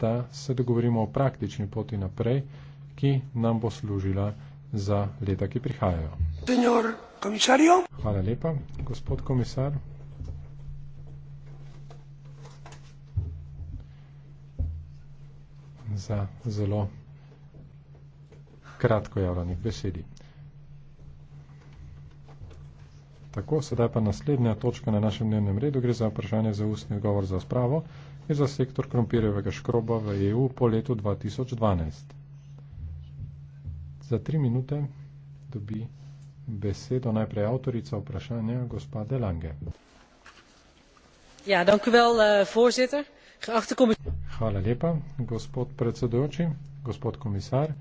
da se dogovorimo o praktični poti naprej, ki nam bo služila za leta, ki prihajajo. Hvala lepa, gospod komisar. Za zelo kratko javljanje besedi. Tako, sedaj pa naslednja točka na našem dnevnem redu gre za vprašanje za ustni odgovor za spravo je za sektor krompirjevega škroba v EU po letu 2012. Za tri minute dobi besedo najprej avtorica vprašanja gospa Delange. Ja, dankuvel, uh, eh, Hvala lepa, gospod predsedujoči, gospod komisar.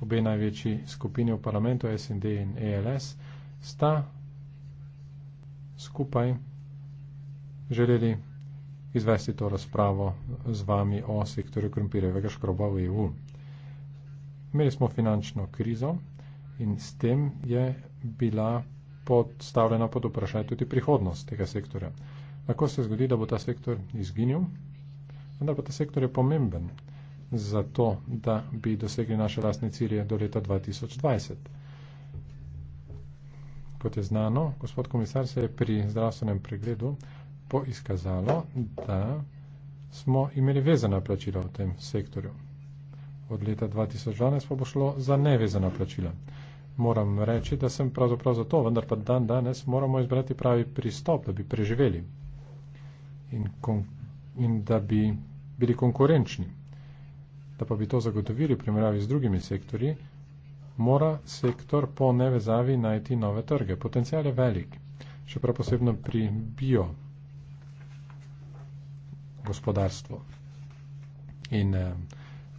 Obe največji skupini v parlamentu, SND in ELS, sta skupaj želeli izvesti to razpravo z vami o sektorju krompirjevega škroba v EU. Imeli smo finančno krizo in s tem je bila podstavljena pod vprašanje tudi prihodnost tega sektorja. Lahko se zgodi, da bo ta sektor izginil, vendar pa ta sektor je pomemben za to, da bi dosegli naše lastne cilje do leta 2020. Kot je znano, gospod komisar se je pri zdravstvenem pregledu bo izkazalo, da smo imeli vezana plačila v tem sektorju. Od leta 2012 pa bo šlo za nevezana plačila. Moram reči, da sem pravzaprav za to, vendar pa dan danes moramo izbrati pravi pristop, da bi preživeli in, kon, in da bi bili konkurenčni. Da pa bi to zagotovili v primerjavi z drugimi sektorji, mora sektor po nevezavi najti nove trge. Potencijal je velik, še prav posebno pri bio gospodarstvo. In eh,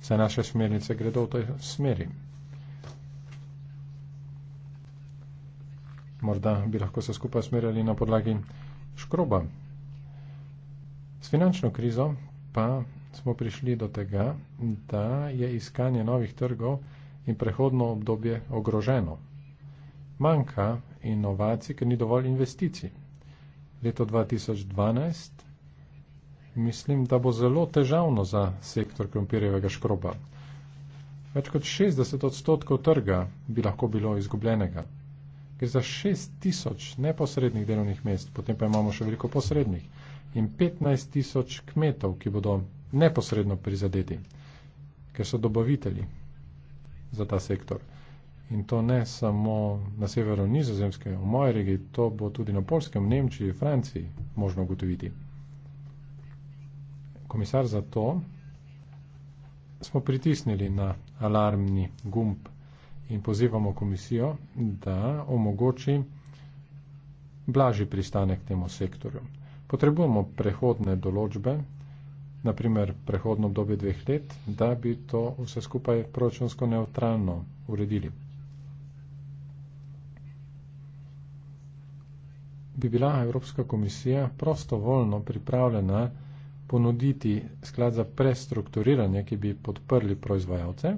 vse naše smernice gredo v tej smeri. Morda bi lahko se skupaj smerili na podlagi škroba. S finančno krizo pa smo prišli do tega, da je iskanje novih trgov in prehodno obdobje ogroženo. Manjka inovacij, ker ni dovolj investicij. Leto 2012 mislim, da bo zelo težavno za sektor krompirjevega škroba. Več kot 60 odstotkov trga bi lahko bilo izgubljenega. Gre za 6 tisoč neposrednih delovnih mest, potem pa imamo še veliko posrednih in 15 tisoč kmetov, ki bodo neposredno prizadeti, ker so dobavitelji za ta sektor. In to ne samo na severu Nizozemske, v moji regiji, to bo tudi na Polskem, Nemčiji, Franciji možno ugotoviti komisar za to, smo pritisnili na alarmni gumb in pozivamo komisijo, da omogoči blažji pristanek temu sektorju. Potrebujemo prehodne določbe, naprimer prehodno obdobje dveh let, da bi to vse skupaj proračunsko neutralno uredili. Bi bila Evropska komisija prostovoljno pripravljena ponuditi sklad za prestrukturiranje, ki bi podprli proizvajalce,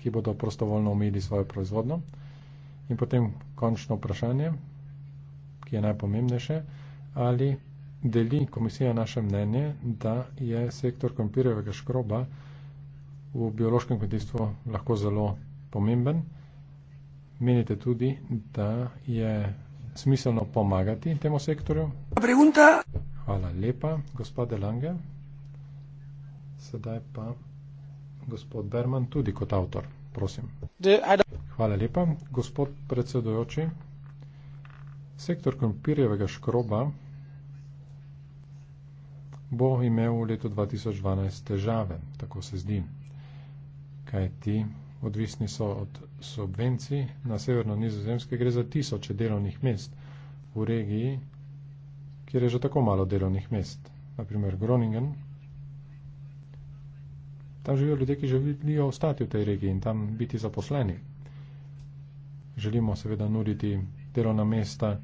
ki bodo prostovoljno omejili svojo proizvodno. In potem končno vprašanje, ki je najpomembnejše, ali deli komisija naše mnenje, da je sektor kompirjevega škroba v biološkem kmetijstvu lahko zelo pomemben. Menite tudi, da je smiselno pomagati temu sektorju. Pregunta. Hvala lepa, gospod Delange. Sedaj pa gospod Berman, tudi kot avtor, prosim. Hvala lepa, gospod predsedojoči. Sektor krompirjevega škroba bo imel v letu 2012 težave, tako se zdi, kaj ti odvisni so od subvencij. Na severno nizozemske gre za tisoče delovnih mest v regiji, kjer je že tako malo delovnih mest, naprimer Groningen. Tam živijo ljudje, ki želijo ostati v tej regiji in tam biti zaposleni. Želimo seveda nuditi delovna mesta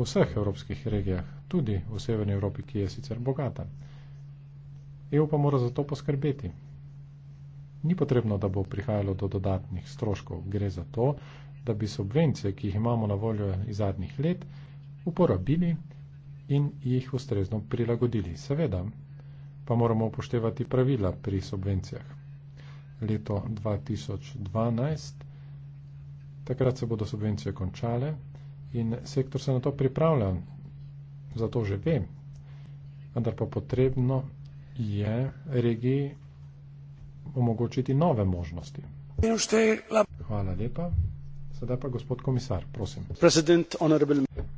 v vseh evropskih regijah, tudi v Severni Evropi, ki je sicer bogata. EU pa mora za to poskrbeti. Ni potrebno, da bo prihajalo do dodatnih stroškov. Gre za to, da bi subvencije, ki jih imamo na voljo iz zadnjih let, uporabili in jih ustrezno prilagodili. Seveda pa moramo upoštevati pravila pri subvencijah. Leto 2012, takrat se bodo subvencije končale in sektor se na to pripravlja, zato že ve, vendar pa potrebno je regiji omogočiti nove možnosti. Hvala lepa. Sedaj pa gospod komisar, prosim.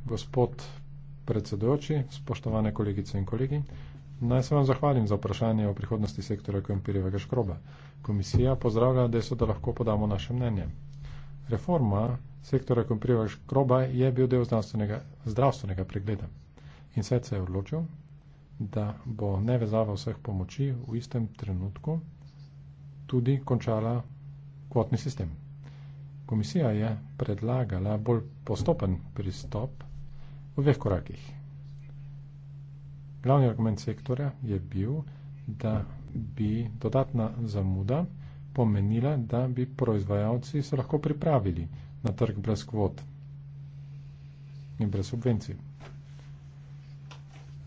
Gospod predsedujoči, spoštovane kolegice in kolegi. Naj se vam zahvalim za vprašanje o prihodnosti sektora krompirjevega škroba. Komisija pozdravlja, da so da lahko podamo naše mnenje. Reforma sektora krompirjevega škroba je bil del zdravstvenega, zdravstvenega pregleda in se je odločil, da bo nevezava vseh pomoči v istem trenutku tudi končala kvotni sistem. Komisija je predlagala bolj postopen pristop v dveh korakih. Glavni argument sektorja je bil, da bi dodatna zamuda pomenila, da bi proizvajalci se lahko pripravili na trg brez kvot in brez subvencij.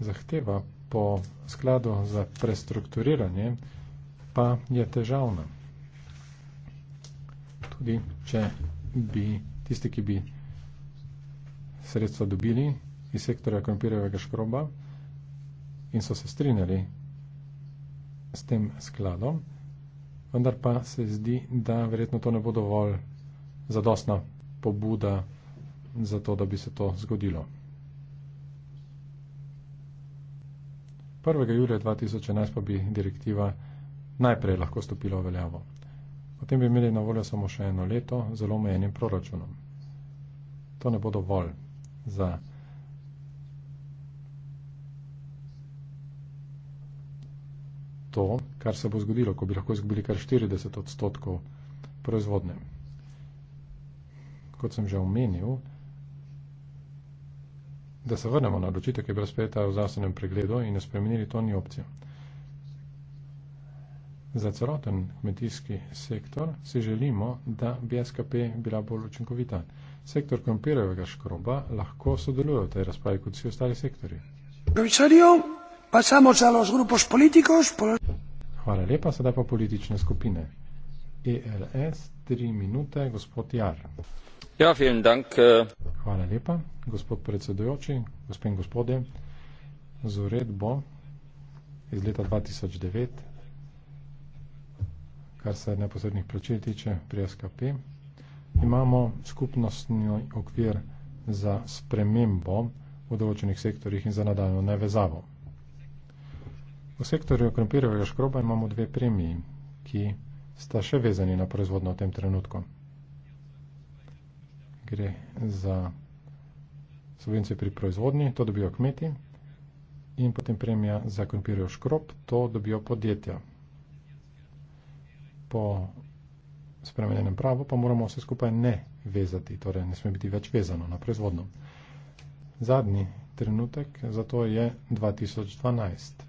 Zahteva po skladu za prestrukturiranje pa je težavna. Tudi, če bi tisti, ki bi sredstva dobili iz sektorja krompirjevega škroba in so se strinjali s tem skladom, vendar pa se zdi, da verjetno to ne bo dovolj zadostna pobuda za to, da bi se to zgodilo. 1. julija 2011 pa bi direktiva najprej lahko stopila v veljavo. Potem bi imeli na voljo samo še eno leto z zelo omejenim proračunom. To ne bo dovolj za to, kar se bo zgodilo, ko bi lahko izgubili kar 40 odstotkov proizvodnje. Kot sem že omenil, da se vrnemo na odločitev, ki je bila sprejeta v zdravstvenem pregledu in jo spremenili, to ni opcija. Za celoten kmetijski sektor si želimo, da bi SKP bila bolj učinkovita sektor Kompirovega škroba lahko sodeluje v tej razpravi kot vsi ostali sektori. Hvala lepa, sedaj pa politične skupine. ELS, tri minute, gospod Jar. Ja, vielen dank. Eh. Hvala lepa, gospod predsedujoči, gospod in gospode. Z uredbo iz leta 2009, kar se neposrednih plačil tiče pri SKP, imamo skupnostni okvir za spremembo v določenih sektorjih in za nadaljno nevezavo. V sektorju krompirjevega škroba imamo dve premiji, ki sta še vezani na proizvodno v tem trenutku. Gre za subvencije pri proizvodnji, to dobijo kmeti, in potem premija za krompirjev škrob, to dobijo podjetja. Po spremenjenem pravu, pa moramo vse skupaj ne vezati, torej ne sme biti več vezano na proizvodno. Zadnji trenutek za to je 2012.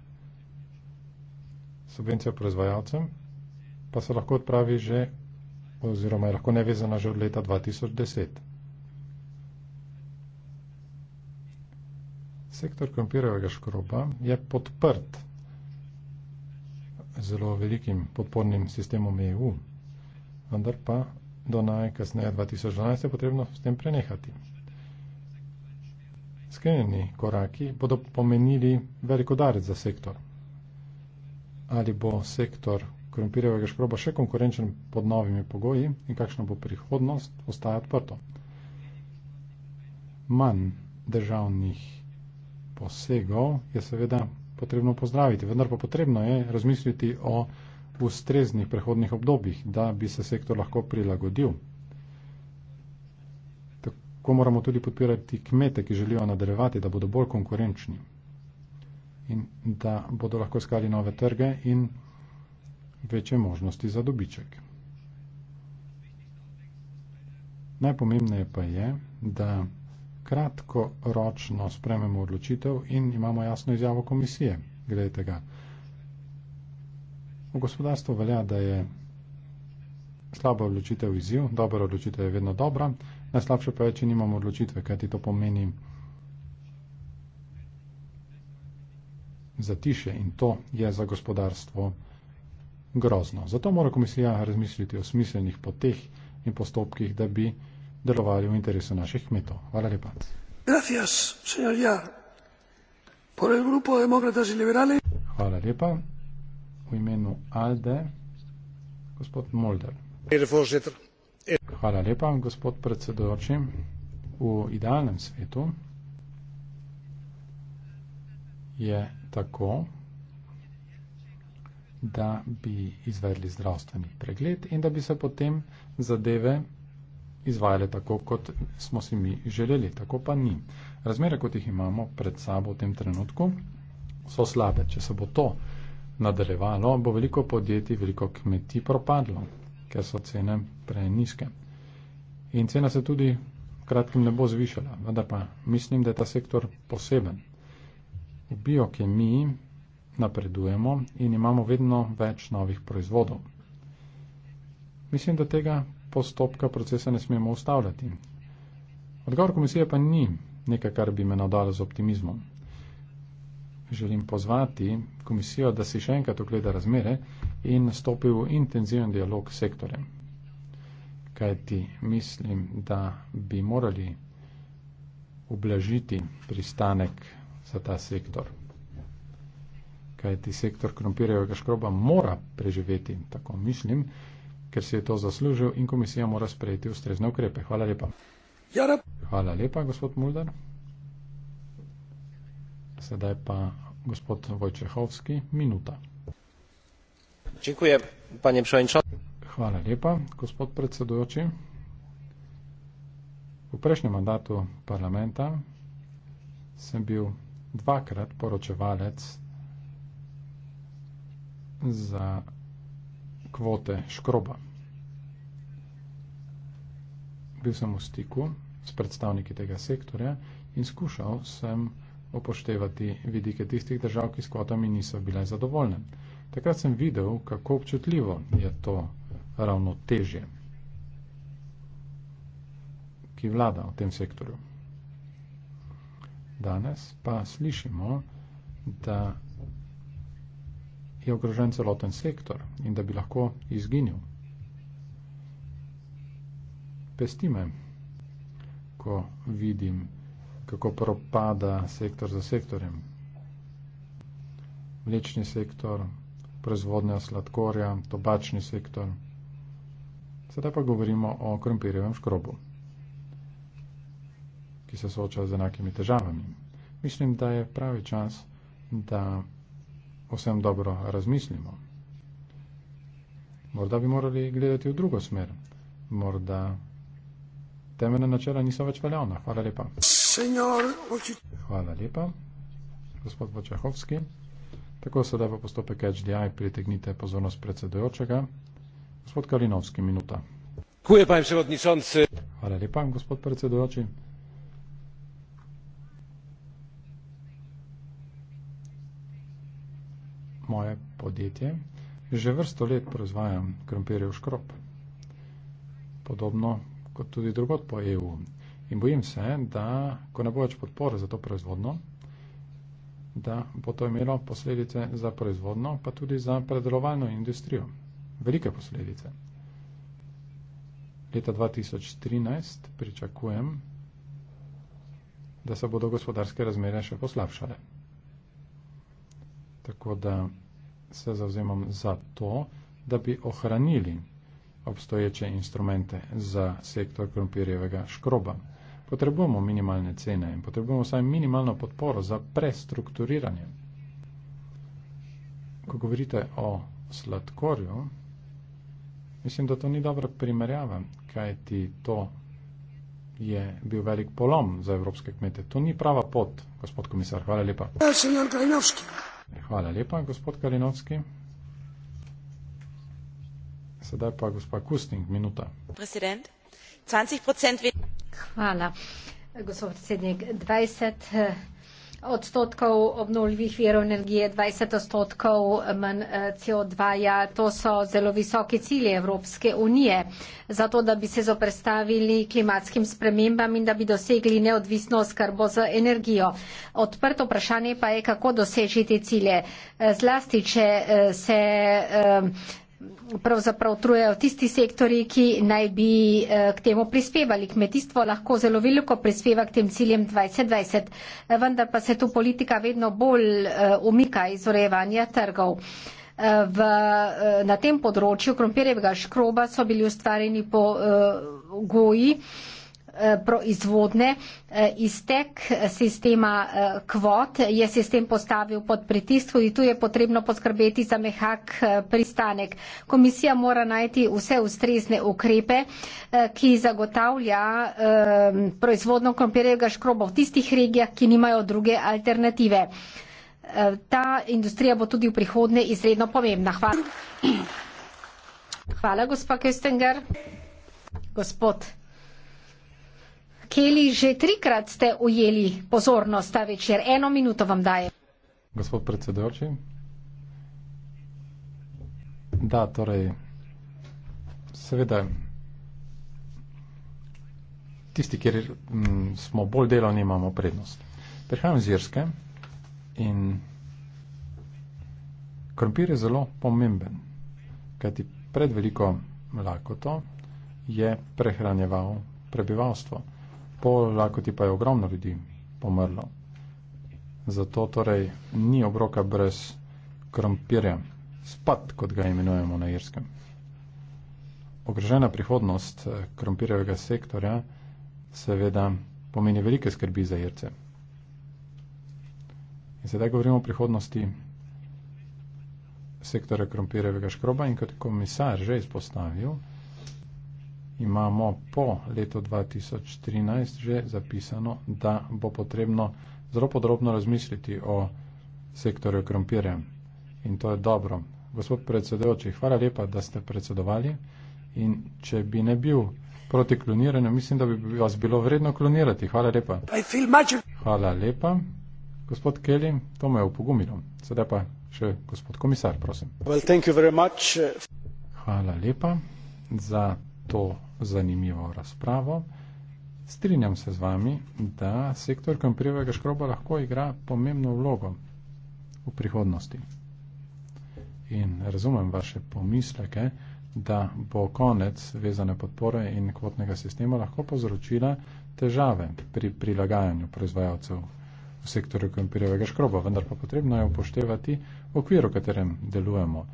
Subvencija proizvajalcem pa se lahko odpravi že oziroma je lahko nevezana že od leta 2010. Sektor krompirjevega škroba je podprt zelo velikim podpornim sistemom EU vendar pa do najkasneje 2012 je potrebno s tem prenehati. Skrenjeni koraki bodo pomenili veliko darec za sektor. Ali bo sektor korumpirjevega šproba še konkurenčen pod novimi pogoji in kakšna bo prihodnost, ostaja odprto. Manj državnih posegov je seveda potrebno pozdraviti, vendar pa potrebno je razmisliti o ustreznih prehodnih obdobjih, da bi se sektor lahko prilagodil. Tako moramo tudi podpirati kmete, ki želijo nadaljevati, da bodo bolj konkurenčni in da bodo lahko iskali nove trge in večje možnosti za dobiček. Najpomembneje pa je, da kratkoročno sprememo odločitev in imamo jasno izjavo komisije glede tega. V gospodarstvu velja, da je slaba odločitev izziv, dobra odločitev je vedno dobra, najslabše pa je, če nimamo odločitve, kaj ti to pomeni za tiše in to je za gospodarstvo grozno. Zato mora komisija razmisliti o smiselnih poteh in postopkih, da bi delovali v interesu naših kmetov. Hvala lepa. Gracias, Hvala lepa imenu Alde, gospod Molder. Hvala lepa, gospod predsedojoči. V idealnem svetu je tako, da bi izvedli zdravstveni pregled in da bi se potem zadeve izvajale tako, kot smo si mi želeli. Tako pa ni. Razmere, kot jih imamo pred sabo v tem trenutku, so slabe. Če se bo to nadaljevalo, bo veliko podjetij, veliko kmetij propadlo, ker so cene preniske. In cena se tudi kratkim ne bo zvišala, vendar pa mislim, da je ta sektor poseben. V biokemiji napredujemo in imamo vedno več novih proizvodov. Mislim, da tega postopka procesa ne smemo ustavljati. Odgovor komisije pa ni nekaj, kar bi me navdalo z optimizmom želim pozvati komisijo, da si še enkrat ogleda razmere in nastopi v intenziven dialog s sektorjem. Kaj ti mislim, da bi morali oblažiti pristanek za ta sektor? Kaj ti sektor krompirjevega škroba mora preživeti, tako mislim, ker si je to zaslužil in komisija mora sprejeti ustrezne ukrepe. Hvala lepa. Ja, Hvala lepa, gospod Muldar. Sedaj pa gospod Vojčehovski, minuta. Dziękuję, panie przewodniczący. Hvala lepa, gospod predsedujoči. V prejšnjem mandatu parlamenta sem bil dvakrat poročevalec za kvote škroba. Bil sem v stiku s predstavniki tega sektorja in skušal sem upoštevati vidike tistih držav, ki s kvotami niso bile zadovoljne. Takrat sem videl, kako občutljivo je to ravno težje, ki vlada v tem sektorju. Danes pa slišimo, da je ogrožen celoten sektor in da bi lahko izginil. Pestime, ko vidim, kako propada sektor za sektorjem. Mlečni sektor, proizvodnja sladkorja, tobačni sektor. Sedaj pa govorimo o krompirjevem škrobu, ki se sooča z enakimi težavami. Mislim, da je pravi čas, da vsem dobro razmislimo. Morda bi morali gledati v drugo smer. Morda temeljna načela niso več veljavna. Hvala lepa. Hvala lepa, gospod Vočahovski. Tako se da v postopek HDI pritegnite pozornost predsedojočega. Gospod Kalinovski, minuta. Hvala lepa, gospod predsedojoči. Moje podjetje že vrsto let proizvajam krompirjev škrop, podobno kot tudi drugot po EU. In bojim se, da ko ne bo več podpore za to proizvodno, da bo to imelo posledice za proizvodno, pa tudi za predelovalno industrijo. Velike posledice. Leta 2013 pričakujem, da se bodo gospodarske razmere še poslabšale. Tako da se zauzemam za to, da bi ohranili obstoječe instrumente za sektor krompirjevega škroba potrebujemo minimalne cene in potrebujemo vsaj minimalno podporo za prestrukturiranje. Ko govorite o sladkorju, mislim, da to ni dobra primerjava, kaj ti to je bil velik polom za evropske kmete. To ni prava pot, gospod komisar. Hvala lepa. Hvala lepa, gospod Kalinovski. Sedaj pa gospa Kustnik, minuta. 20 Hvala. Gospod predsednik, 20 eh, odstotkov obnovljivih virov energije, 20 odstotkov manj eh, CO2, -ja. to so zelo visoki cilje Evropske unije, zato da bi se zoprestavili klimatskim spremembam in da bi dosegli neodvisno skrbo z energijo. Odprto vprašanje pa je, kako dosežiti cilje. Eh, zlasti, če se pravzaprav trujejo tisti sektori, ki naj bi eh, k temu prispevali. Kmetijstvo lahko zelo veliko prispeva k tem ciljem 2020, eh, vendar pa se tu politika vedno bolj eh, umika iz urejevanja trgov. V, na tem področju krompirjevega škroba so bili ustvarjeni po uh, goji uh, Eh, proizvodne. Eh, iztek eh, sistema kvot je sistem postavil pod pritisku in tu je potrebno poskrbeti za mehak pristanek. Komisija mora najti vse ustrezne ukrepe, ki zagotavlja proizvodno krompirjevega škroba v tistih regijah, ki nimajo druge alternative. Ta industrija bo tudi v prihodnje izredno pomembna. Hvala. Hvala, gospa Köstinger. Gospod. Keli, že trikrat ste ujeli pozornost ta večer. Eno minuto vam daje. Gospod predsedujoči. Da, torej, seveda, tisti, kjer mm, smo bolj delovni, imamo prednost. Prihajam iz Irske in krompir je zelo pomemben, kajti pred veliko lakoto je prehranjeval prebivalstvo po lakoti pa je ogromno ljudi pomrlo. Zato torej ni obroka brez krompirja, spad, kot ga imenujemo na irskem. Ogrožena prihodnost eh, krompirjevega sektorja seveda pomeni velike skrbi za irce. In sedaj govorimo o prihodnosti sektora krompirjevega škroba in kot komisar že izpostavil, imamo po letu 2013 že zapisano, da bo potrebno zelo podrobno razmisliti o sektorju krompirja. In to je dobro. Gospod predsedujoči, hvala lepa, da ste predsedovali. In če bi ne bil proti kloniranju, mislim, da bi vas bilo vredno klonirati. Hvala lepa. Hvala lepa. Gospod Kelly, to me je upogumilo. Sedaj pa še gospod komisar, prosim. Hvala lepa za to zanimivo razpravo. Strinjam se z vami, da sektor kampirjevega škroba lahko igra pomembno vlogo v prihodnosti. In razumem vaše pomisleke, da bo konec vezane podpore in kvotnega sistema lahko povzročila težave pri prilagajanju proizvajalcev v sektorju kampirjevega škroba, vendar pa potrebno je upoštevati okvir, v katerem delujemo,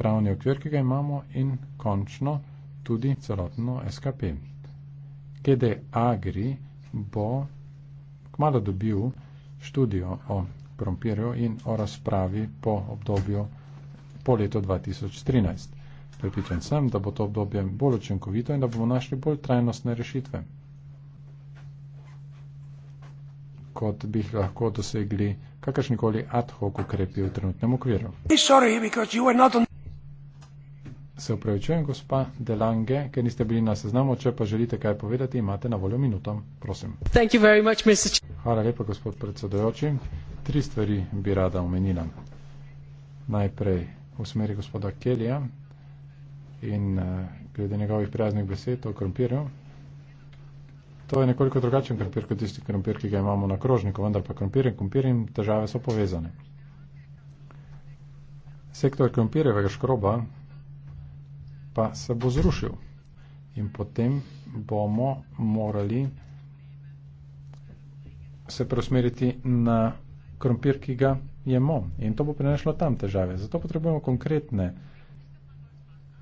pravni okvir, ki ga imamo in končno tudi celotno SKP. GD Agri bo kmalo dobil študijo o prompirju in o razpravi po obdobju po letu 2013. Pripričan sem, da bo to obdobje bolj učinkovito in da bomo našli bolj trajnostne rešitve, kot bi jih lahko dosegli kakršnikoli ad hoc ukrepi v trenutnem okviru. Sorry, se upravičujem, gospa Delange, ker niste bili na seznamu. Če pa želite kaj povedati, imate na voljo minuto. Prosim. Much, Hvala lepa, gospod predsedojoči. Tri stvari bi rada omenila. Najprej v smeri gospoda Kelija in eh, glede njegovih prijaznih besed o krompirju. To je nekoliko drugačen krompir kot tisti krompir, ki ga imamo na krožniku, vendar pa krompir in krompir in težave so povezane. Sektor krompirjevega škroba pa se bo zrušil. In potem bomo morali se preusmeriti na krompir, ki ga jemo. In to bo prineslo tam težave. Zato potrebujemo konkretne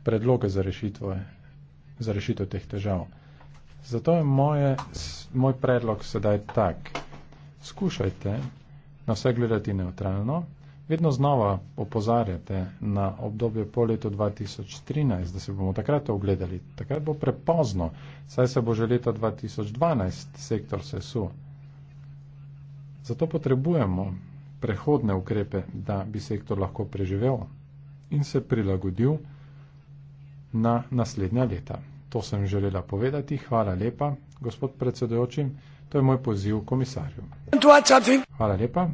predloge za rešitev, za rešitev teh težav. Zato je moje, moj predlog sedaj tak. Skušajte na vse gledati neutralno vedno znova opozarjate na obdobje po letu 2013, da se bomo takrat ogledali. Takrat bo prepozno, saj se bo že leta 2012 sektor sesu. Zato potrebujemo prehodne ukrepe, da bi sektor lahko preživel in se prilagodil na naslednja leta. To sem želela povedati. Hvala lepa, gospod predsedojoči. To je moj poziv komisarju. Hvala lepa.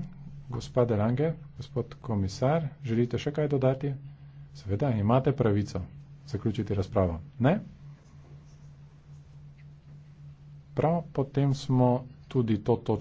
Gospa Delange, gospod komisar, želite še kaj dodati? Seveda, imate pravico zaključiti razpravo. Ne? Prav potem smo tudi to točno.